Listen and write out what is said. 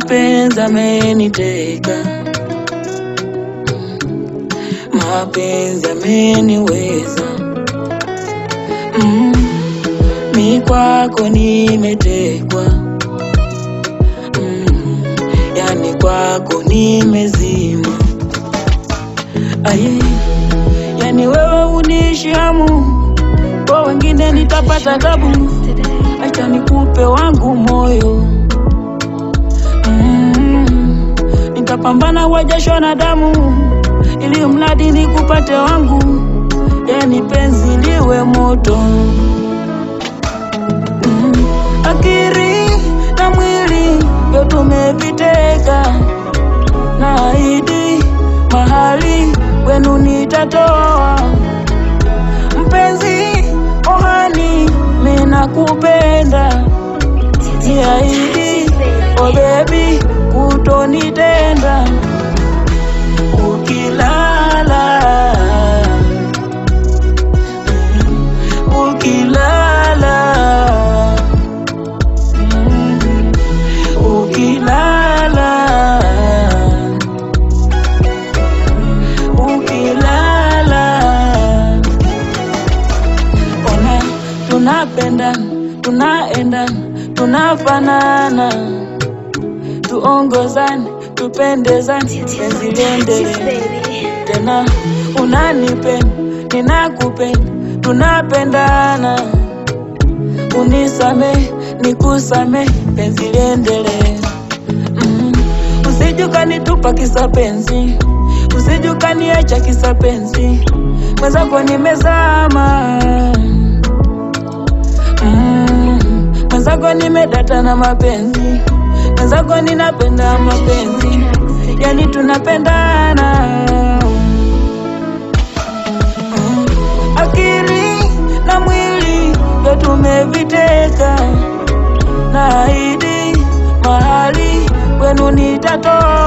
mapenzi ameniteka, mapenzi ameniweza. Mm, mi kwako nimetekwa, mm, yani kwako nimezima. Aye, yani wewe unishi hamu, kwa wengine nitapata tabu, acha nikupe wangu pambana kwa jasho na damu, ili mradi nikupate wangu, yani penzi liwe moto mm. na mwili yo tumeviteka, na ahidi mahali wenu nitatoa mpenzi ohani, mena kupenda, siahidi oh baby unavonitenda ukilala ukilala ukilala ukilala ona tunapendana tunaendana tunafanana tuongozane, tupendezane, penzi liendelee. Tena unanipenda, ninakupenda, tunapendana, unisame, nikusame, penzi liendelee. Mm. Mm-hmm. Usije ukanitupa kisa penzi, usije ukaniacha kisa penzi, mwenzako nimezama mm-hmm. mwenzako nimedata na mapenzi mwenzako ninapenda mapenzi, yani tunapendana. Akili na mwili ndo tumeviteka, naahidi mahali kwenu nitatoa